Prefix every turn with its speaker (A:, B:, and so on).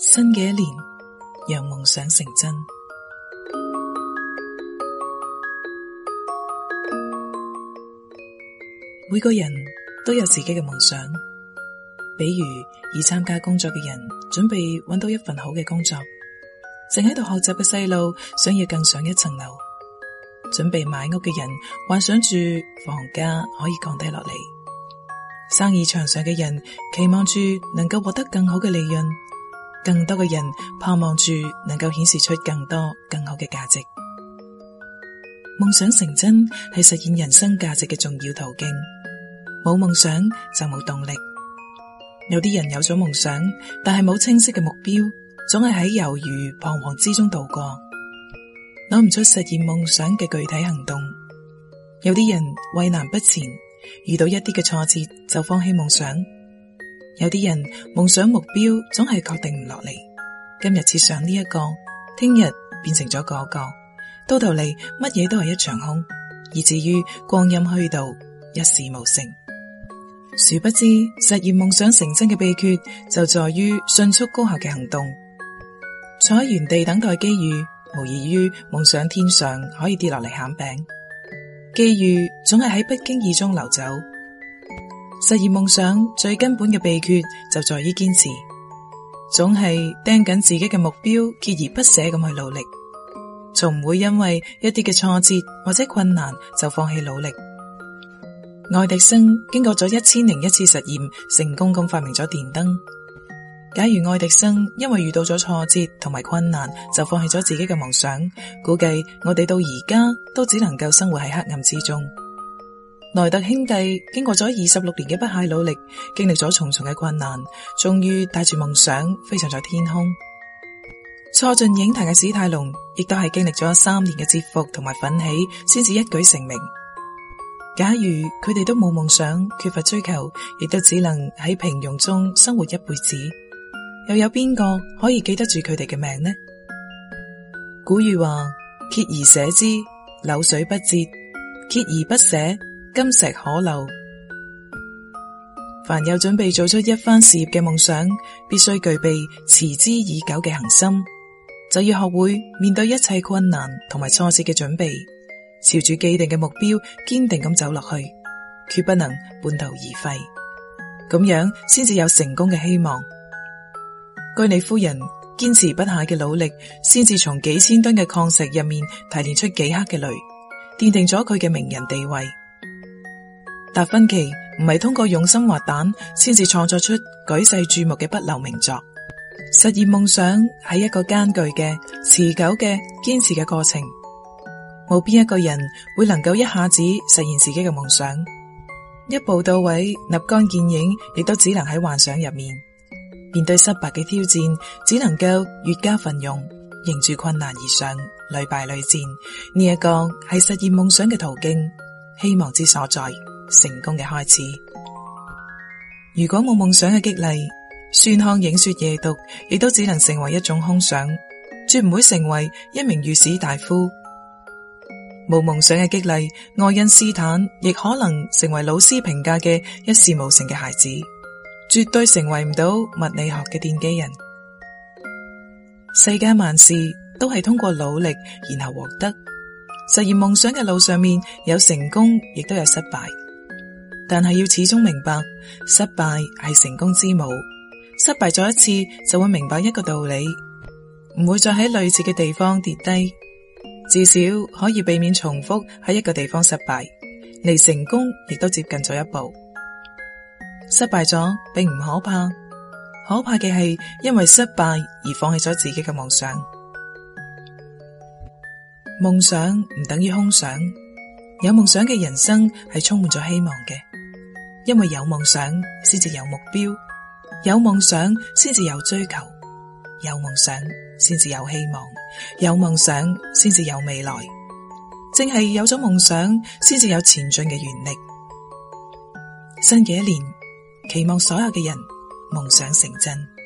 A: 新嘅一年，讓夢想成真。每個人都有自己嘅夢想，比如已參加工作嘅人準備揾到一份好嘅工作，正喺度學習嘅細路想要更上一層樓，準備買屋嘅人幻想住房價可以降低落嚟，生意場上嘅人期望住能夠獲得更好嘅利潤。更多嘅人盼望住能夠顯示出更多更好嘅價值，夢想成真係實現人生價值嘅重要途徑。冇夢想就冇動力。有啲人有咗夢想，但係冇清晰嘅目標，總係喺猶豫彷徨之中度過，諗唔出實現夢想嘅具體行動。有啲人畏難不前，遇到一啲嘅挫折就放棄夢想。有啲人夢想目標總係確定唔落嚟，今日設想呢一個，聽日變成咗嗰個，到頭嚟乜嘢都係一場空，以至於光陰虛度，一事無成。殊不知實現夢想成真嘅秘訣就在於迅速高效嘅行動。坐喺原地等待機遇，無異於夢想天上可以跌落嚟餡餅。機遇總係喺不經意中流走。實現夢想最根本嘅秘訣就在於堅持，總係盯緊自己嘅目標，鍥而不捨咁去努力，從唔會因為一啲嘅挫折或者困難就放棄努力。愛迪生經過咗一千零一次實驗，成功咁發明咗電燈。假如愛迪生因為遇到咗挫折同埋困難就放棄咗自己嘅夢想，估計我哋到而家都只能夠生活喺黑暗之中。萊特兄弟經過咗二十六年嘅不懈努力，經歷咗重重嘅困難，終於帶住夢想飛上咗天空。初進影壇嘅史泰龍，亦都係經歷咗三年嘅蟄伏同埋奮起，先至一舉成名。假如佢哋都冇夢想，缺乏追求，亦都只能喺平庸中生活一輩子。又有邊個可以記得住佢哋嘅名呢？古語話：鍥而捨之，流水不折；鍥而不捨。金石可留。凡有準備做出一番事業嘅夢想，必須具備持之以久嘅恒心，就要學會面對一切困難同埋挫折嘅準備，朝住既定嘅目標堅定咁走落去，決不能半途而廢。咁樣先至有成功嘅希望。居里夫人堅持不懈嘅努力，先至從幾千噸嘅礦石入面提煉出幾克嘅鐳，奠定咗佢嘅名人地位。達芬奇唔係通過用心畫蛋，先至創作出舉世注目嘅不朽名作。實現夢想係一個艱巨嘅持久嘅堅持嘅過程，冇邊一個人會能夠一下子實現自己嘅夢想。一步到位，立竿見影，亦都只能喺幻想入面。面對失敗嘅挑戰，只能夠越加奮勇，迎住困難而上，屢敗屢戰。呢、這、一個係實現夢想嘅途徑，希望之所在。成功嘅開始。如果冇夢想嘅激勵，孫康映雪夜讀，亦都只能成為一種空想，絕唔會成為一名御史大夫。冇夢想嘅激勵，愛因斯坦亦可能成為老師評價嘅一事無成嘅孩子，絕對成為唔到物理學嘅奠基人。世間萬事都係通過努力然後獲得。實現夢想嘅路上面有成功，亦都有失敗。但係要始終明白，失敗係成功之母。失敗咗一次，就會明白一個道理，唔會再喺類似嘅地方跌低，至少可以避免重複喺一個地方失敗，離成功亦都接近咗一步。失敗咗並唔可怕，可怕嘅係因為失敗而放棄咗自己嘅夢想。夢想唔等於空想，有夢想嘅人生係充滿咗希望嘅。因為有夢想先至有目標，有夢想先至有追求，有夢想先至有希望，有夢想先至有未來。正係有咗夢想，先至有前進嘅原力。新嘅一年，期望所有嘅人夢想成真。